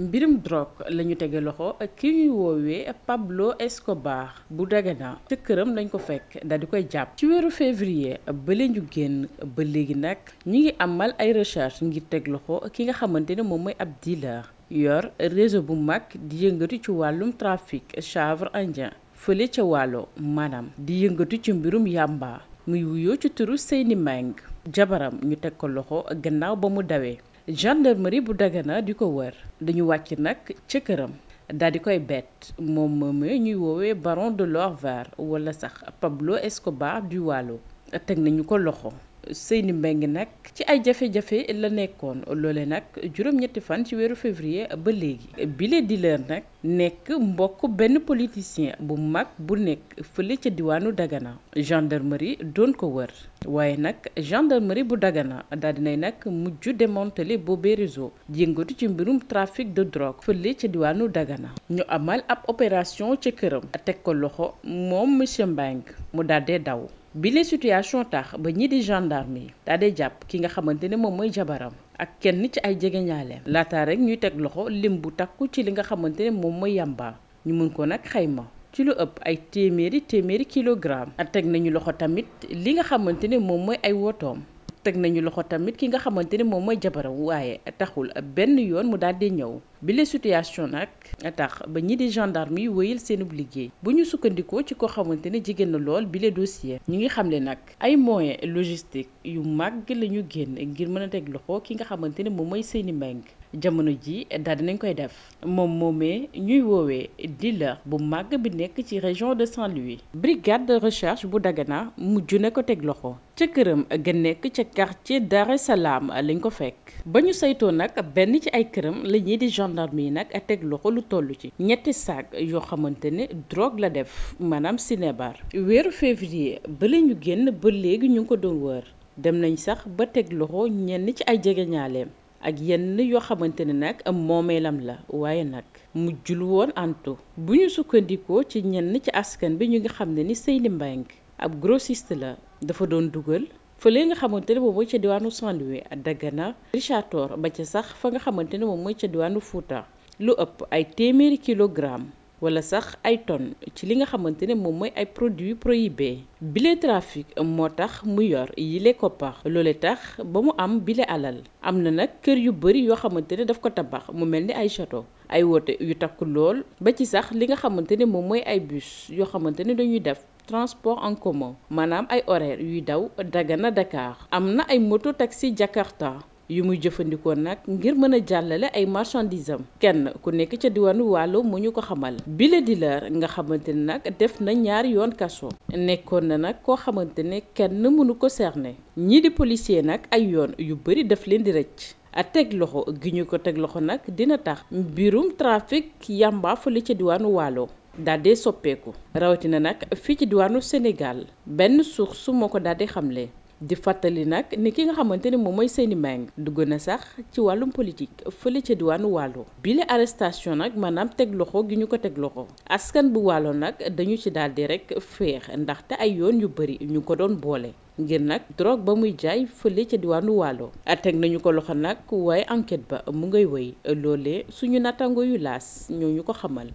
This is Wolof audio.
mbirum drogue la ñu tege loxo ki ñuy woowee Pablo baax bu Dagana te këram lañ ko fekk daal di koy jàpp ci weeru février bële ñu génn ba léegi nag ñi ngi amal ay recherche ngir teg loxo ki nga xamante ne moom mooy ab dealer yor réseau bu mag di yëngatu ci wàllum trafic chavre indien fële ca wàllo maanaam di yëngatu ci mbirum yàmba muy wuyoo ci turu Seyni Meng jabaram ñu teg ko loxo gannaaw ba mu dawee gendarmerie bu Dagana di ko wër dañu wàcc nag ca këram daal di koy bett moom moom ñuy woowee baron de l'Orvar wala sax Pablo Escobar du Waalo teg nañu ko loxo. seeni Mbengue nag ci ay jafe-jafe la nekkoon loole nag juróom-ñetti fan ci weeru février ba léegi bile dealer nag nekk mbokk benn politicien bu mag bu nekk fële ca diwaanu Dagana gendarmerie doon ko wër waaye nag gendarmerie bu Dagana daal nay nag mujj démantelé boobee réseau yëngatu ci mbirum trafic de drogue fële ca diwaanu Dagana ñu amal ab opération ca këram teg ko loxo moom monsieur Mbengue mu daal daw bi les situation tax ba ñi di gendarme yi daal jàpp ki nga xamante ne moom mooy jabaram ak kenn ci ay jegeñaaleem laata rek ñuy teg loxo lim bu takku ci li nga xamante ne moom mooy yàmba ñu mën ko nag xayma ci lu ëpp ay téeméeri téeméeri kilogramme. teg nañu loxo tamit li nga xamante ne moom mooy ay wotoom. teg nañu loxo tamit ki nga xamante ni moom mooy jabaram waaye taxul benn yoon mu daal di ñëw bile situation nag tax ba ñi di gendarme yi wéyal seenub liggéey bu ñu sukkandikoo ci ko xamante ne jigéen lool bi bile dossier ñi ngi xam xamle nag ay moyen logistiques yu màgg lañu génn ngir mën a teg loxo ki nga xamante ne moom mooy seeni Mbengue jamono ji daal dinañ koy def moom moomee ñuy woowee dealer bu màgg bi nekk ci région de Saint-Louis brigade de recherche bu Dagana mujj na ko teg loxo ca këram ga nekk ca quartier Dar es Salaam lañ ko fekk ba ñu saytoo nag benn ci ay këram la ñuy di gendarme yi nag teg loxo lu tollu ci ñetti saag yoo xamante ne drogue la def maanaam sinébar weeru février ba la génn ba léegi ñu ngi ko doon wër dem nañ sax ba teg loxo ñenn ci ay jegeñaaleem ak yenn yoo xamante ne nag am moomeelam la waaye nag mujjul woon anto bu ñu sukkandikoo ci ñenn ci askan bi ñu nga xam ne ni Seyni Mbengue ab grossiste la dafa doon dugal fële nga xamante ne moom mooy ca diwaanu Saint-Louis Dagana Richard Toll ba ca sax fa nga xamante ne moom mooy ca diwaanu Fouta lu ëpp ay téeméeri kilogramme wala sax ay tonnes ci li nga xamante ne moom mooy ay produits prohibés bile trafic moo tax mu yor yile koppar loole tax ba mu am bile alal am na nag kër yu bari yoo xamante ne daf ko tabax mu mel ni ay château ay woote yu takku lool ba ci sax li nga xamante ne moom mooy ay bus yoo xamante ne dañuy def transport en commun maanaam ay horaires yuy daw Dagana dakaar am na ay moto taxi Jakarta yu muy jëfandikoo nag ngir mën a jàllale ay marchandises am kenn ku nekk ca diwaanu Waalo mu ñu ko xamal bile di leer nga xamante ne nag def na ñaari yoon kaso nekkoon na nag koo xamante ne kenn mënu ko cerner ñii di policier nag ay yoon yu bari daf leen di rëcc. a teg loxo gi ñu ko teg loxo nag dina tax mbirum trafic yàmba fële ca diwaanu Waalo daldi soppeeku rawatina nag fii ci diwaanu Sénégal benn su moo ko daldi xamle di fàttali nag ni ki nga xamante ni moom mooy Seyni Mbengue dugg na sax ci wàllum politique fële ca diwaanu Waalo bile arrestation nag maanaam teg loxo gi ñu ko teg loxo askan bu Waalo nag dañu ci daal di rek féex ndaxte ay yoon yu bëri ñu ko doon boole ngir nag drogue ba muy jaay fële ca diwaanu Waalo teg nañu ko loxo nag waaye enquête ba mu ngay woy loolee suñu nattangoo yu laas ñoo ñu ko xamal.